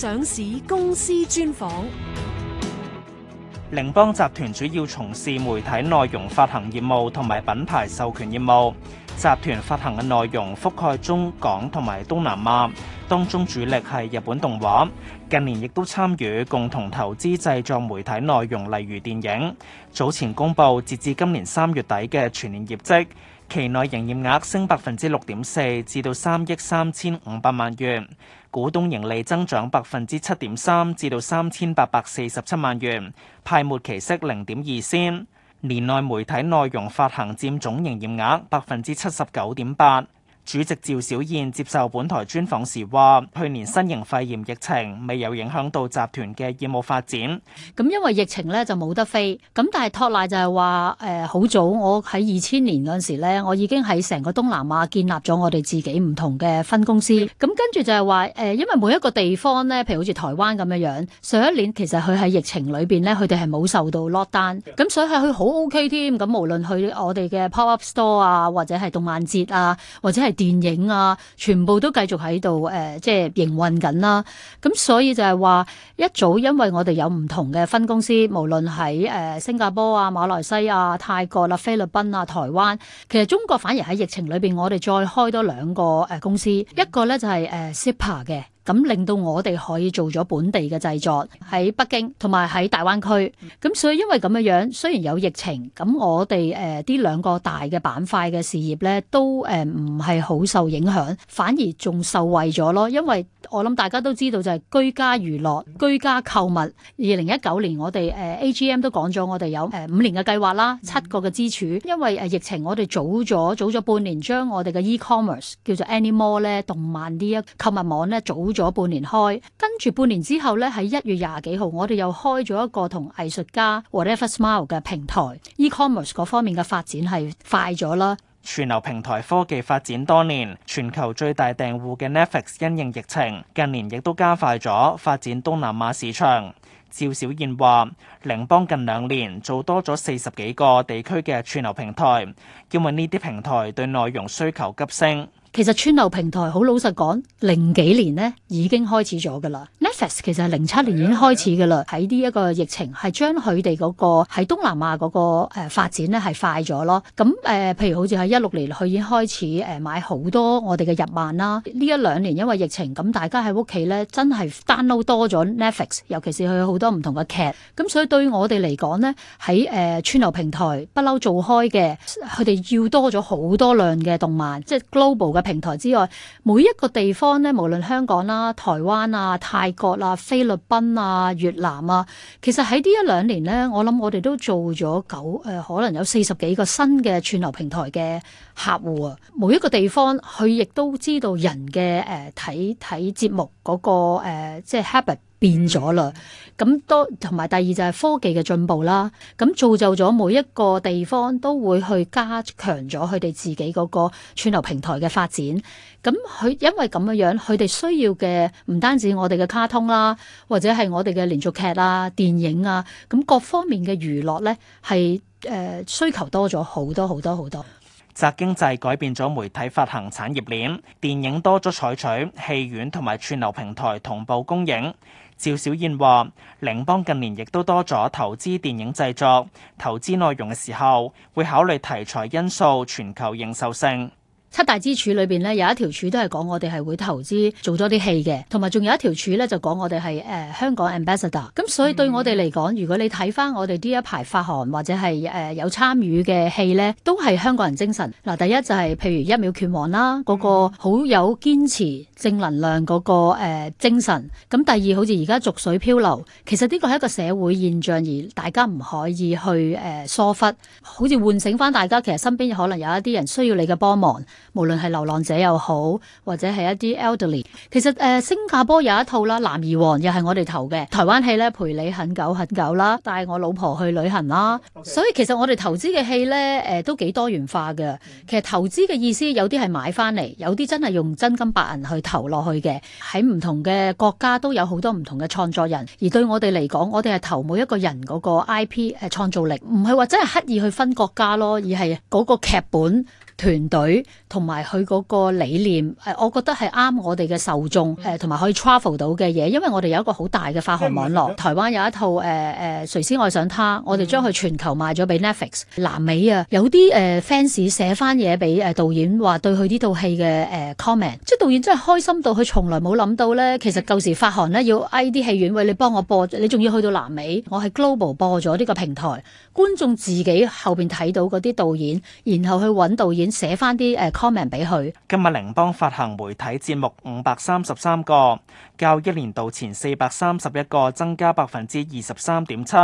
上市公司專訪，羚邦集團主要從事媒體內容發行業務同埋品牌授權業務。集團發行嘅內容覆蓋中港同埋東南亞，當中主力係日本動畫。近年亦都參與共同投資製作媒體內容，例如電影。早前公佈截至今年三月底嘅全年業績。期內營業額升百分之六點四，至到三億三千五百萬元；股東盈利增長百分之七點三，至到三千八百四十七萬元；派末期息零點二仙。年內媒體內容發行佔總營業額百分之七十九點八。主席趙小燕接受本台專訪時話，去年新型肺炎疫情未有影響到集團嘅業務發展。咁因為疫情咧就冇得飛，咁但係托賴就係話，誒、呃、好早我喺二千年嗰陣時咧，我已經喺成個東南亞建立咗我哋自己唔同嘅分公司。咁跟住就係話，誒、呃、因為每一個地方咧，譬如好似台灣咁樣樣，上一年其實佢喺疫情裏邊咧，佢哋係冇受到 lockdown，咁所以係佢好 O K 添。咁無論去我哋嘅 pop up store 啊，或者係動漫節啊，或者係。電影啊，全部都繼續喺度誒，即係營運緊啦。咁、呃、所以就係話一早，因為我哋有唔同嘅分公司，無論喺誒新加坡啊、馬來西亞、泰國啦、啊、菲律賓啊、台灣，其實中國反而喺疫情裏邊，我哋再開多兩個誒公司，一個呢就係誒 Sipa 嘅。呃咁令到我哋可以做咗本地嘅製作喺北京同埋喺大灣區，咁所以因為咁樣樣，雖然有疫情，咁我哋誒呢兩個大嘅板塊嘅事業咧，都誒唔係好受影響，反而仲受惠咗咯。因為我諗大家都知道就係居家娛樂居家購物。二零一九年我哋誒、呃、AGM 都講咗我哋有誒五年嘅計劃啦，七個嘅支柱。因為誒疫情我，我哋早咗早咗半年將我哋嘅 e-commerce 叫做 AnyMore 咧動漫啲一購物網咧早咗半年開，跟住半年之後咧，喺一月廿幾號，我哋又開咗一個同藝術家和 Whatever Smile 嘅平台 e-commerce 嗰方面嘅發展係快咗啦。串流平台科技發展多年，全球最大訂戶嘅 Netflix 因應疫情，近年亦都加快咗發展東南亞市場。趙小燕話：羚邦近兩年做多咗四十幾個地區嘅串流平台，因為呢啲平台對內容需求急升。其實串流平台好老實講，零幾年咧已經開始咗噶啦。其實係零七年已經開始噶啦，喺呢一個疫情係將佢哋個喺東南亞個誒發展咧係快咗咯。咁誒、呃，譬如好似喺一六年佢已經開始誒買好多我哋嘅日漫啦。呢一兩年因為疫情，咁大家喺屋企咧真係 download 多咗 Netflix，尤其是佢好多唔同嘅劇。咁所以對於我哋嚟講咧，喺誒串流平台不嬲做開嘅，佢哋要多咗好多量嘅動漫，即係 global 嘅平台之外，每一個地方咧，無論香港啦、台灣啊、泰國，啦、啊，菲律賓啊，越南啊，其實喺呢一兩年咧，我諗我哋都做咗九誒、呃、可能有四十幾個新嘅串流平台嘅客戶啊。每一個地方佢亦都知道人嘅誒睇睇節目嗰、那個誒、呃，即係 habit。變咗啦，咁多同埋第二就係科技嘅進步啦，咁造就咗每一個地方都會去加強咗佢哋自己嗰個串流平台嘅發展。咁佢因為咁樣樣，佢哋需要嘅唔單止我哋嘅卡通啦，或者係我哋嘅連續劇啦、啊、電影啊，咁各方面嘅娛樂呢係誒、呃、需求多咗好多好多好多。宅經濟改變咗媒體發行產業鏈，電影多咗採取戲院同埋串流平台同步公映。趙小燕話，羚邦近年亦都多咗投資電影製作，投資內容嘅時候，會考慮題材因素、全球認受性。七大支柱裏邊咧，有一條柱都係講我哋係會投資做多啲戲嘅，同埋仲有一條柱咧就講我哋係誒香港 Ambassador。咁所以對我哋嚟講，如果你睇翻我哋呢一排發行或者係誒、呃、有參與嘅戲咧，都係香港人精神嗱、啊。第一就係譬如一秒拳王啦，嗰、那個好有堅持正能量嗰、那個、呃、精神。咁第二好似而家逐水漂流，其實呢個係一個社會現象，而大家唔可以去誒、呃、疏忽，好似喚醒翻大家，其實身邊可能有一啲人需要你嘅幫忙。無論係流浪者又好，或者係一啲 elderly，其實誒、呃，新加坡有一套啦，《男兒王》又係我哋投嘅。台灣戲咧，《陪你很久很久》啦，《帶我老婆去旅行》啦。Okay. 所以其實我哋投資嘅戲咧，誒、呃，都幾多元化嘅。其實投資嘅意思有啲係買翻嚟，有啲真係用真金白銀去投落去嘅。喺唔同嘅國家都有好多唔同嘅創作人，而對我哋嚟講，我哋係投每一個人嗰個 IP 誒創造力，唔係話真係刻意去分國家咯，而係嗰個劇本團隊。團隊同埋佢嗰個理念，誒我覺得係啱我哋嘅受眾誒同埋可以 travel 到嘅嘢，因為我哋有一個好大嘅發行網絡，台灣有一套誒誒誰先愛上他，嗯、我哋將佢全球賣咗俾 Netflix。南美啊，有啲誒、呃、fans 寫翻嘢俾誒導演，話對佢呢套戲嘅誒 comment，即係導演真係開心到，佢從來冇諗到咧，其實舊時發行咧要挨啲戲院，喂，你幫我播，你仲要去到南美，我係 global 播咗呢個平台，觀眾自己後邊睇到嗰啲導演，然後去揾導演寫翻啲誒。呃康明俾佢。今日羚邦發行媒體節目五百三十三個，較一年度前四百三十一個增加百分之二十三點七。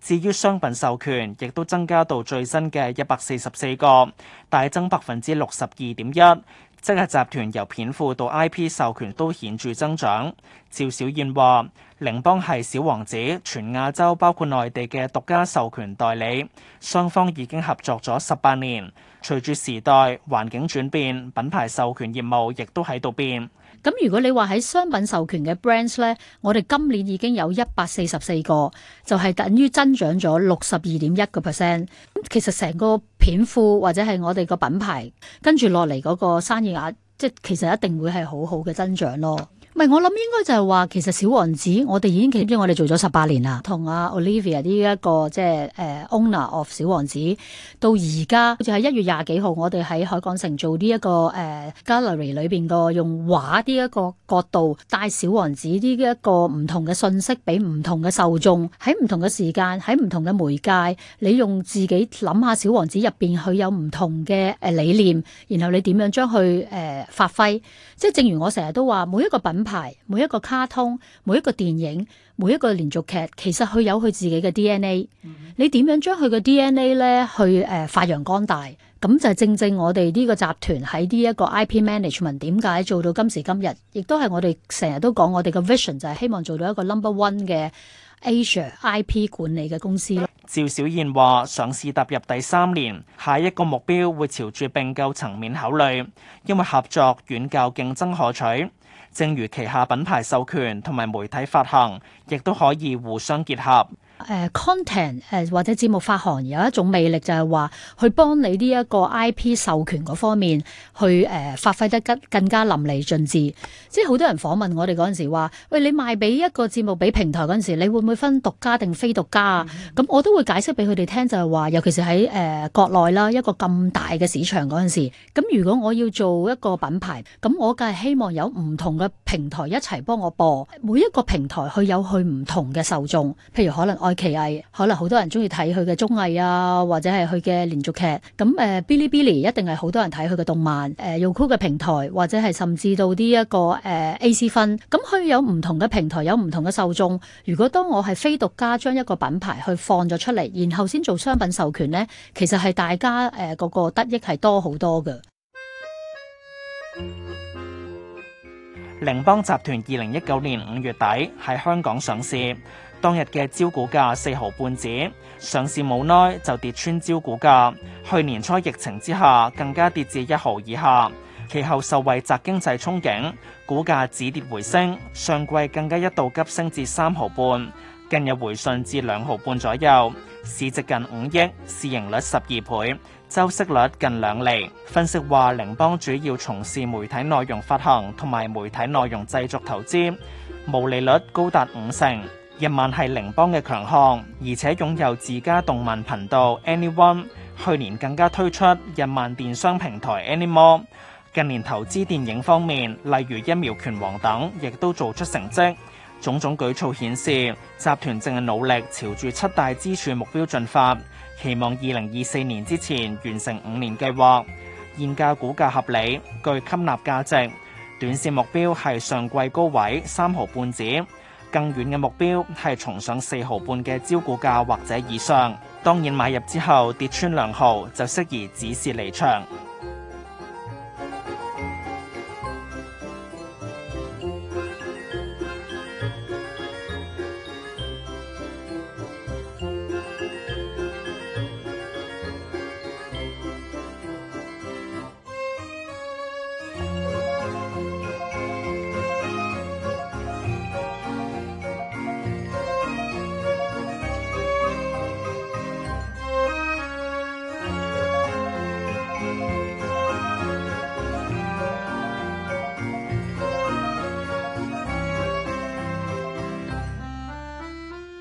至於商品授權，亦都增加到最新嘅一百四十四個，大增百分之六十二點一。即係集團由片庫到 IP 授權都顯著增長。趙小燕話：羚邦係小王子全亞洲包括內地嘅獨家授權代理，雙方已經合作咗十八年。隨住時代環境轉變，品牌授權業務亦都喺度變。咁如果你話喺商品授權嘅 brands 咧，我哋今年已經有一百四十四個，就係等於增長咗六十二點一個 percent。咁其實成個片庫或者係我哋個品牌跟住落嚟嗰個生意額，即係其實一定會係好好嘅增長咯。唔係，我諗應該就係話其實小王子我哋已經其實我哋做咗十八年啦。同阿 Olivia 呢一個即係誒 owner of 小王子，到而家好似係一月廿幾號我哋喺海港城做呢一個誒 gallery 裏邊個用畫呢一個角度，帶小王子呢一個唔同嘅信息俾唔同嘅受眾，喺唔同嘅時間，喺唔同嘅媒介，你用自己諗下小王子入邊佢有唔同嘅誒理念，然後你點樣將佢誒發揮，即係正如我成日都話每一個品。排每一個卡通、每一個電影、每一個連續劇，其實佢有佢自己嘅 DNA、mm。Hmm. 你點樣將佢嘅 DNA 咧去誒、呃、發揚光大？咁就係正正我哋呢個集團喺呢一個 IP management 點解做到今時今日？亦都係我哋成日都講我哋嘅 vision 就係希望做到一個 number one 嘅 Asia IP 管理嘅公司咯。Mm hmm. 趙小燕話：上市踏入第三年，下一個目標會朝住併購層面考慮，因為合作遠較競爭可取。正如旗下品牌授權同埋媒體發行，亦都可以互相結合。誒 content 誒或者節目發行有一種魅力就，就係話去幫你呢一個 IP 授權嗰方面去誒、呃、發揮得更加淋漓盡致。即係好多人訪問我哋嗰陣時話：，喂，你賣俾一個節目俾平台嗰陣時，你會唔會分獨家定非獨家啊？咁、嗯、我都會解釋俾佢哋聽，就係話，尤其是喺誒、呃、國內啦，一個咁大嘅市場嗰陣時，咁如果我要做一個品牌，咁我梗係希望有唔同嘅平台一齊幫我播，每一個平台佢有佢唔同嘅受眾，譬如可能奇藝可能好多人中意睇佢嘅綜藝啊，或者係佢嘅連續劇。咁誒、啊、Bilibili 一定係好多人睇佢嘅動漫。誒、啊，優酷嘅平台或者係甚至到啲、這、一個誒 ACFun。咁、啊、佢有唔同嘅平台，有唔同嘅受眾。如果當我係非獨家將一個品牌去放咗出嚟，然後先做商品授權呢，其實係大家誒、啊那個得益係多好多嘅。羚邦集團二零一九年五月底喺香港上市。當日嘅招股價四毫半紙，上市冇耐就跌穿招股價。去年初疫情之下，更加跌至一毫以下。其後受惠宅經濟憧憬，股價止跌回升。上季更加一度急升至三毫半，近日回順至兩毫半左右。市值近五億，市盈率十二倍，周息率，率近兩厘。分析話，羚邦主要從事媒體內容發行同埋媒體內容製作投資，毛利率高達五成。日漫係羚邦嘅強項，而且擁有自家動漫頻道 Anyone。去年更加推出日漫電商平台 Anymore。近年投資電影方面，例如《一秒拳王》等，亦都做出成績。種種舉措顯示，集團正係努力朝住七大支柱目標進發，期望二零二四年之前完成五年計劃。現價股價合理，具吸納價值。短線目標係上季高位三毫半紙。更遠嘅目標係重上四毫半嘅招股價或者以上。當然，買入之後跌穿兩毫就適宜止蝕離場。